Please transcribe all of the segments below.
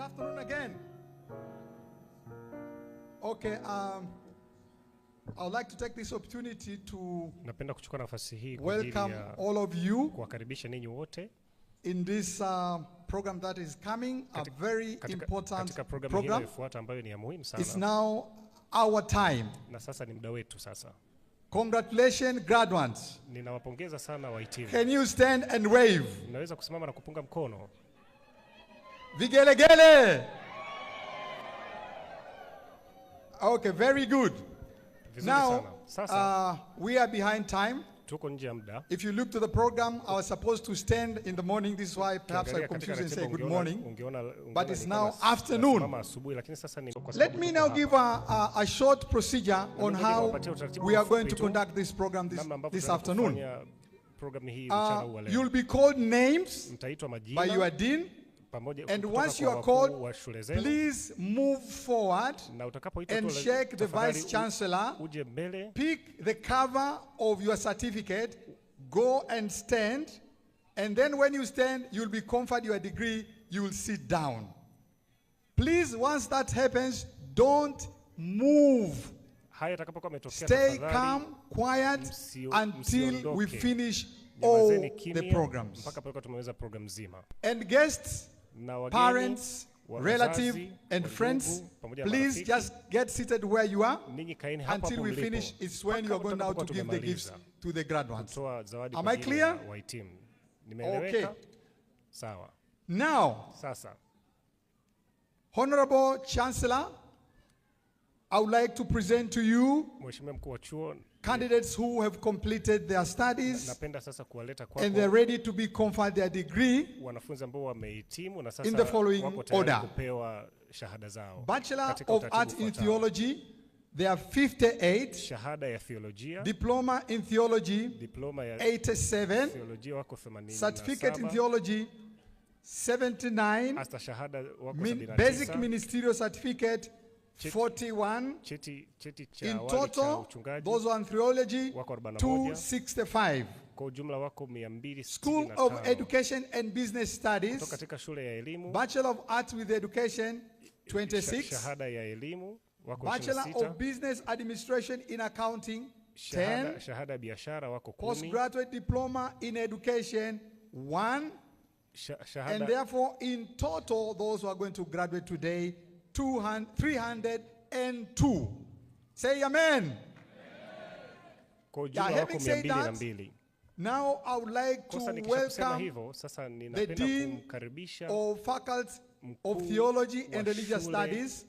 Good afternoon again. Okay, um, I would like to take this opportunity to napenda kuchukua nafasi hii welcome all of you kuwakaribisha ninyi wote in this uh, program that is coming, a very important program. ambayo ni ya muhimu sana. It's now our time. Na sasa ni muda wetu sasa. Congratulations graduates. Ninawapongeza sana wahitimu. Can you stand and wave? kusimama na kupunga mkono. Vigelegele. Ah, okay, very good. Now, uh, we are behind time. If you look to the program, I was supposed to stand in the morning. This is why perhaps I confused and say good morning. But it's now afternoon. Let me now give a, a, a short procedure on how we are going to conduct this program this, this afternoon. Uh, you'll be called names by your dean. and once you are called please move forward and shake the vice chancellor pick the cover of your certificate go and stand and then when you stand you'll be conferred your degree you will sit down please once that happens don't move stay calm quiet until we finish all the programs. And guests, parents, relative and friends, please just get seated where you are until we finish. It's when you're going out to give the gifts to the graduates. Am I clear? Okay. Sawa. Now, Sasa. Honorable Chancellor, I would like to present to you candidates who have completed their studies and they're ready to be conferred their degree in the following order. Bachelor of Art in Theology, there are 58, shahada ya theolojia Diploma in Theology, diploma ya 87, wako Certificate in Theology, 79, hasta shahada wako min- 79 Basic Ministerial Certificate, 41 in total those on theology 265 School of Education and Business Studies katika shule ya elimu Bachelor of Arts with Education 26 shahada ya elimu wako Bachelor of Business Administration in Accounting 10 shahada biashara wako 10 Postgraduate Diploma in Education 1 Shahada. And therefore in total those who are going to graduate today 302. Say amen. Kwa having said that, Now I would like to welcome hivyo, sasa the Dean of Faculty of Theology and Religious Studies,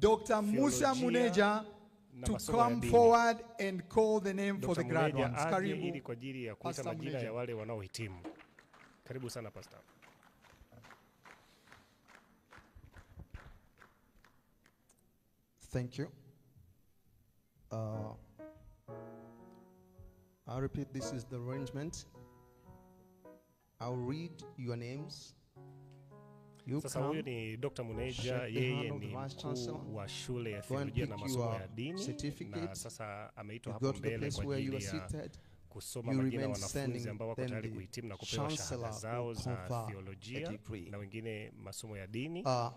Dr. Musa Muneja, to come forward and call the name Dr. for the graduates. Karibu, Pastor Muneja. Karibu sana Pastor. Thank you. Uh, I repeat, this is the arrangement. I'll read your names. You Sasa huyu ni Dr. Muneja, yeye ni mkuu wa shule ya theolojia na masomo ya dini, na sasa ameitwa hapo mbele kwa ajili ya kusoma majina ya wanafunzi ambao wako tayari kuhitimu na kupewa shahada zao za theolojia na wengine masomo ya dini. Uh,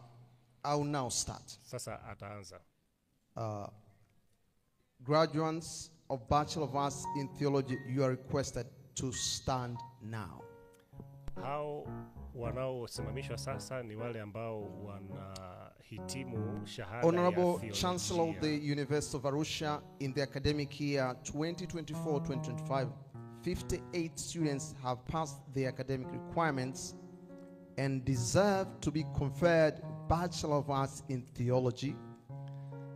I'll now start. Sasa ataanza. Uh, graduates of Bachelor of Arts in Theology, you are requested to stand now. wanaosimamishwa sasa ni wale ambao wanahitimu shahada Honorable Chancellor of the University of Arusha in the academic year 2024-2025, 58 students have passed the academic requirements and deserve to be conferred Bachelor of Arts in Theology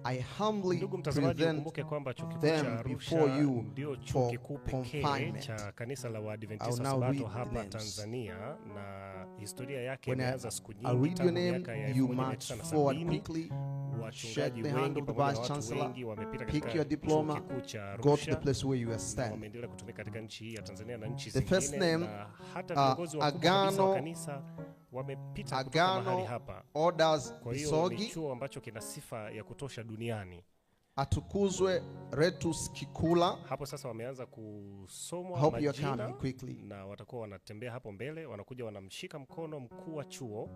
I humbly ndugu mtazamaji, ukumbuke kwamba chuo kikuu cha Arusha ndio chuo kikuu pekee cha kanisa la Waadventista hapa Tanzania, na historia yake imeanza siku nyingi tangu miaka ya 1970 Mm. shed wengi pamoja na watu wengi wamepita katika chuo kikuu cha Arusha mm, na wameendelea kutumika katika nchi hii ya Tanzania na nchi Agano na hata uh, kutosha duniani. Atukuzwe Retus Kikula. Hapo sasa wameanza kusomwa majina na watakuwa wanatembea hapo mbele, wanakuja wanamshika mkono mkuu wa chuo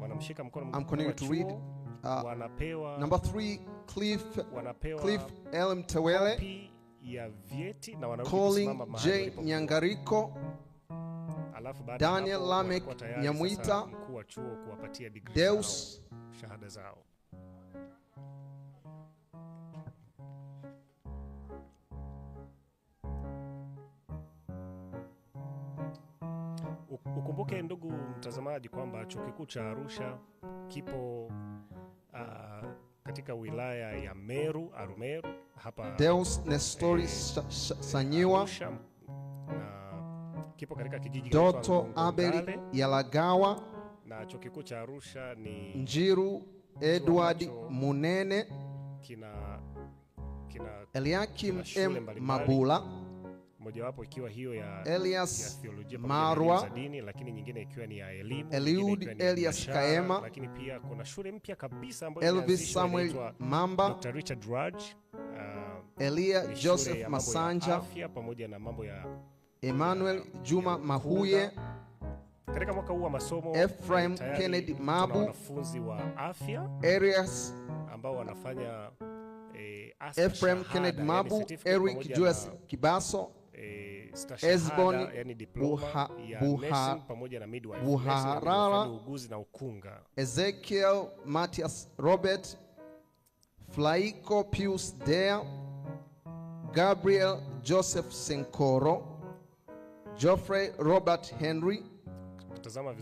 wanamshika mkono I'm continuing to read. Uh, wanapewa number 3 Cliff wanapewa Cliff L Mtewele ya vyeti na wanarudi J Nyangariko alafu baada Daniel Lamek Nyamwita mkuu wa chuo kuwapatia degree Deus shahada zao Ukumbuke ndugu mtazamaji kwamba chuo kikuu cha Arusha kipo uh, katika wilaya ya Meru Arumeru hapa Deus Nestori eh, Sanyiwa kipo katika kijiji Doto Abeli Yalagawa na chuo kikuu cha Arusha ni Njiru Edward Munene kina, kina, Eliakim M Mabula mojawapo ikiwa hiyo ya Elias Marwa za dini, lakini nyingine ikiwa ni ya elimu, Eliud Elias Kaema, lakini pia kuna shule mpya kabisa ambayo Elvis Samuel Mamba, Dr. Richard Raj, uh, Elia Joseph Masanja, afya pamoja na mambo ya Emmanuel Juma ya Mahuye katika mwaka huu wa masomo Ephraim Kennedy Mabu, wanafunzi wa afya Arias ambao wanafanya eh, Ephraim Kennedy Mabu, Eric Joas Kibaso Esbon Ezekiel Matias Robert Flaiko Pius Dea Gabriel Joseph Senkoro Geoffrey Robert Henry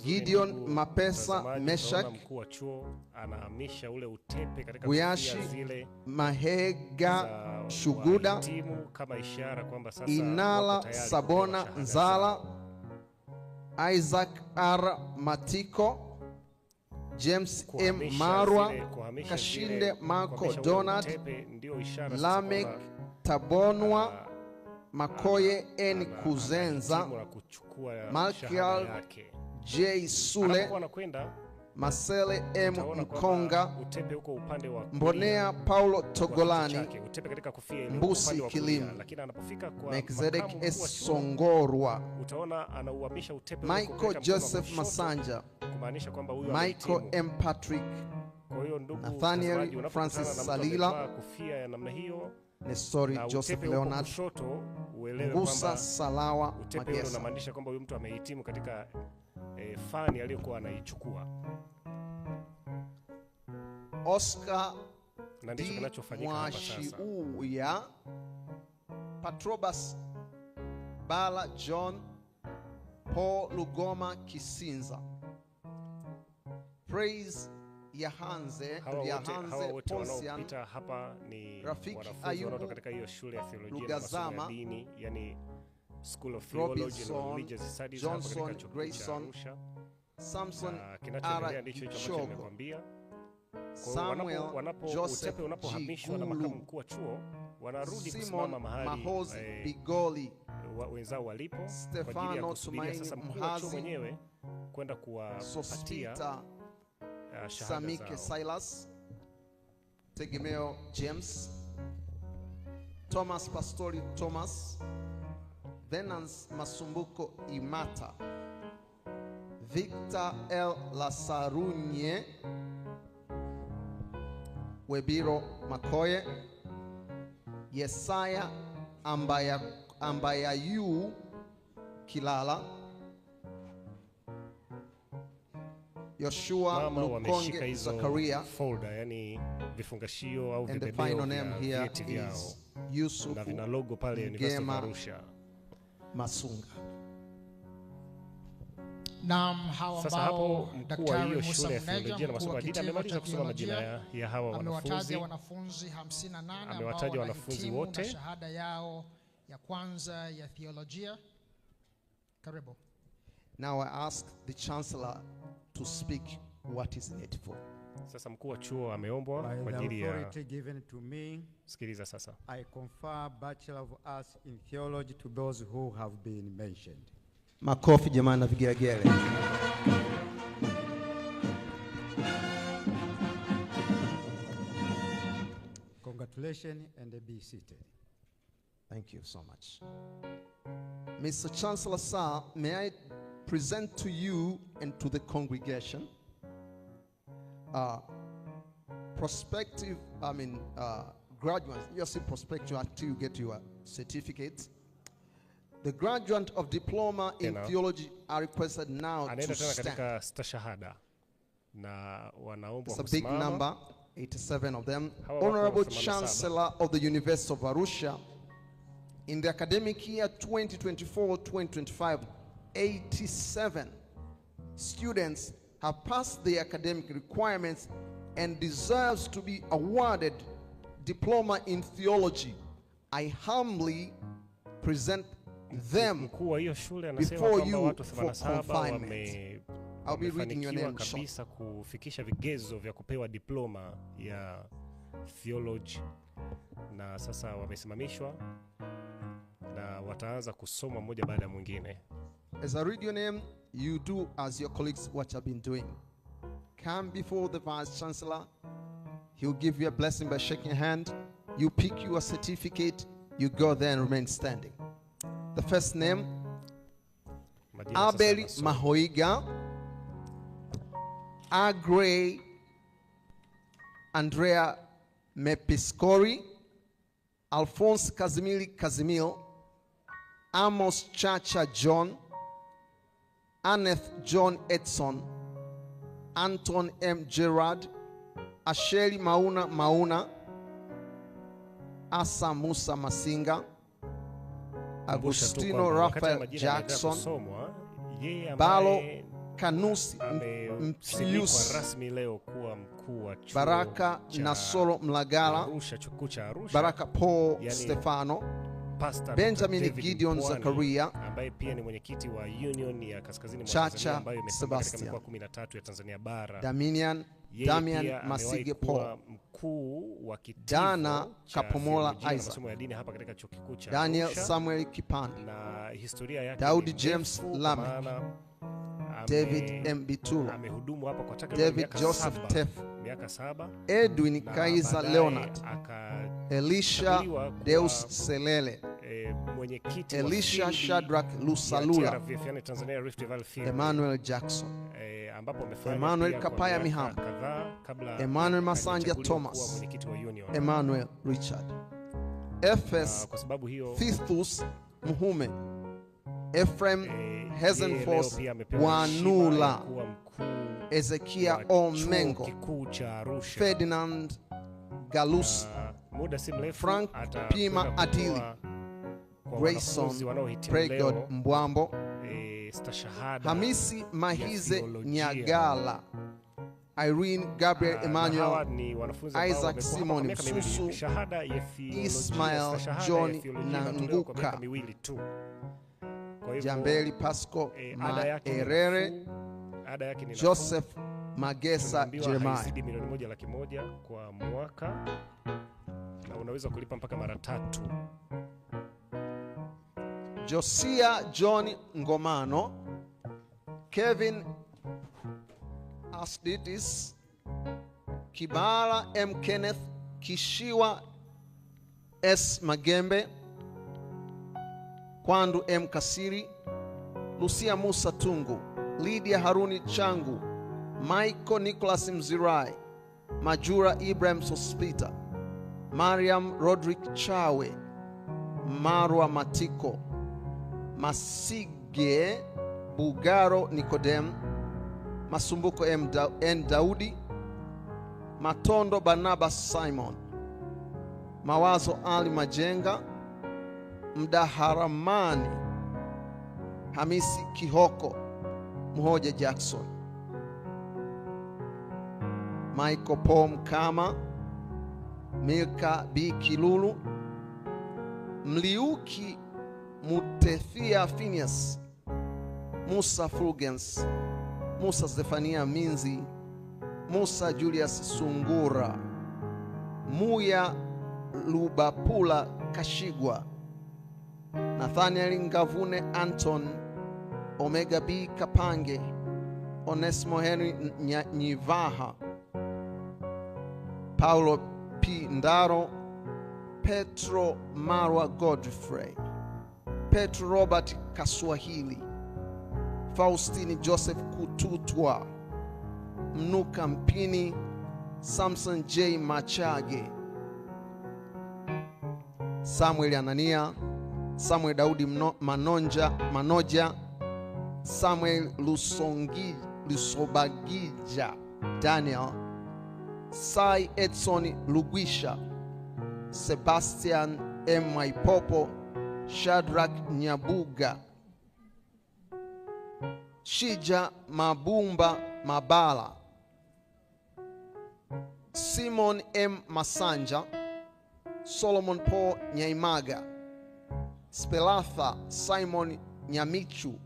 Gideon Mapesa Meshak, mkuu wa chuo anahamisha ule utepe katika zile Mahega Shuguda kama ishara kwamba sasa Inala Sabona Nzala Isaac R Matiko James M. Marwa Kashinde Marco Donald Lamek Tabonwa Makoye N. Kuzenza Malkial J Sule, Masele M Mkonga, Mbonea Paulo Togolani, Mbusi Kilimo, Mekzedek S Songorwa, Michael Joseph Masanja, Michael M Patrick, Nathaniel Francis Salila, Nestori Joseph Leonard Ngusa Salawa Magesa e, fani aliyokuwa anaichukua. Oscar na ndicho kinachofanyika hapa sasa. Patrobas Bala John Paul Lugoma Kisinza Praise ya Hanze Ponsian hapa ni rafiki Ayubu katika hiyo shule ya theolojia na dini yani School of Theology and Religious Studies hapa katika chuo cha Arusha. Samson ah, kinachoendelea ndicho hicho ambacho nimekwambia. Samuel wanapo utepe unapohamishwa na makamu mkuu wa chuo wanarudi kusimama mahali eh, Bigoli wenzao walipo kwa ajili ya kusubiria sasa mkuu wa chuo mwenyewe kwenda kuwapatia uh, Samike Silas Tegemeo James Thomas Pastori Thomas Venance Masumbuko Imata, Victor L. Lasarunye, Webiro Makoye, Yesaya Ambaya, Ambaya Yu Kilala, Yoshua Lukonge Zakaria, folder, yani vifungashio au and the final name here is Yusuf Ngema Masunga. Naam, hawa sasa hapo mkuu wa hiyo shule ya theolojia na masomo ya dini amemaliza kusoma majina ya, ya hawa wanafunzi. Amewataja wanafunzi wote shahada yao ya kwanza ya theolojia. Karibu. Now I ask the chancellor to speak what is needful. Sasa mkuu wa chuo ameombwa kwa ajili ya sikiliza sasa. I confer bachelor of arts in theology to those who have been mentioned. Makofi jamani na vigelegele. Congratulations and be seated. Thank you so much. Mr. Chancellor, sir, may I present to you and to the congregation uh, prospective, I mean, uh, graduates, you see prospective until you get your certificate. The graduate of diploma in theology are requested now to stand. Na It's a big number, 87 of them. Honorable Chancellor of the University of Arusha, in the academic year 2024-2025, 87 students have passed the academic requirements and deserves to be awarded diploma in theology. I humbly present them before you for confinement i'll be reading your name wamefanikiwa kabisa kufikisha vigezo vya kupewa diploma ya theology na sasa wamesimamishwa na wataanza kusoma mmoja baada ya mwingine. As I read your name, you do as your colleagues what you've been doing. Come before the vice chancellor. He'll give you a blessing by shaking hand. You pick your certificate. You go there and remain standing. The first name, Medina Abel Mahoiga, Agre Andrea Mepiscori, Alphonse Casimili Casimil, Amos Chacha John, Aneth John Edson, Anton M. Gerard, Asheli Mauna Mauna, Asa Musa Masinga, Agustino Rafael Jackson, Balo Kanusi Msius, Baraka Nasolo Mlagala, Baraka Paul yaani Stefano Pastor Benjamin David Gideon Mbwani, Zakaria ambaye pia ni mwenyekiti wa Union ya Kaskazini mwa Tanzania ambayo imesimama 13 ya Tanzania bara. Damian Masige Paul, mkuu wa kitivo Dana Kapomola Isaac, hapa katika chuo kikuu cha Daniel Samuel Kipande na historia yake James Lame David Mbitula amehudumu hapa kwa takriban Joseph saba, Tef miaka saba, Edwin Kaiser Leonard Elisha Deus Selele mwenyekiti Elisha Shadrack Lusalula, Tanzania Rift Valley Field, Emmanuel Jackson eh, ambapo amefanya Emmanuel Kapaya Miham Emmanuel Masanja Thomas, Emmanuel Richard, Efes ah, Thistus Muhume, Ephraim e, Hezenfos Wanula, Ezekia Omengo, Ferdinand Galus ah, Frank Pima Adili Grayson Pregod Mbwambo, eh, Hamisi Mahize Nyagala, Irene Gabriel ah, Emmanuel, Isaac Simon Msusu, Ismail John Nanguka, Jambeli Pasco eh, Maerere, Joseph Magesa Jeremiah na unaweza kulipa mpaka mara tatu. Josia John Ngomano, Kevin Asditis, Kibara M. Kenneth, Kishiwa S. Magembe, Kwandu M. Kasiri, Lucia Musa Tungu, Lydia Haruni Changu, Michael Nicholas Mzirai, Majura Ibrahim Sospita, Mariam Rodrick Chawe, Marwa Matiko Masige Bugaro Nikodem Masumbuko M. N. Daudi Matondo banaba Simon Mawazo Ali Majenga Mdaharamani Hamisi Kihoko Mhoja Jackson Michael Pom Kama Milka B. Kilulu Mliuki Mutethia Phineas, Musa Fulgens, Musa Zefania Minzi, Musa Julius Sungura, Muya Lubapula Kashigwa, Nathaniel Ngavune Anton, Omega B Kapange, Onesmo Henry Nyivaha, Paulo P Ndaro, Petro Marwa Godfrey Petro Robert Kaswahili, Faustini Joseph Kututwa, Mnuka Mpini, Samson J Machage, Samuel Anania, Samuel Daudi Manonja, Manoja, Samuel Lusongi, Lusobagija, Daniel Sai Edson Lugwisha, Sebastian M Maipopo Shadrach Nyabuga, Shija Mabumba Mabala, Simon M Masanja, Solomon Paul Nyaimaga, Spelatha Simon Nyamichu,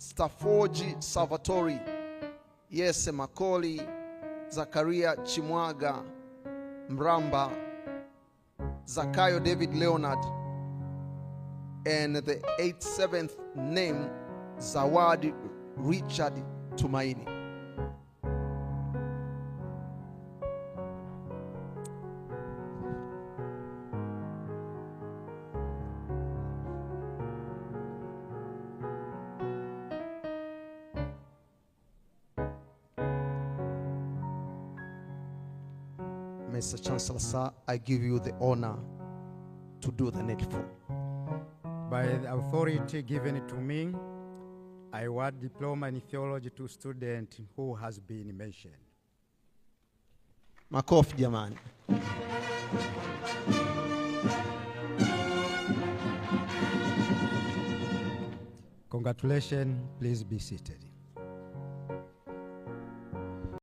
Stafoji Salvatori, Yese Makoli, Zakaria Chimwaga Mramba, Zakayo David Leonard and the eighth, seventh name Zawadi Richard Tumaini. Mr. Chancellor, sir, I give you the honor to do the needful. By the authority given to me, I award diploma in theology to student who has been mentioned. Makofi jamani. Congratulations, please be seated.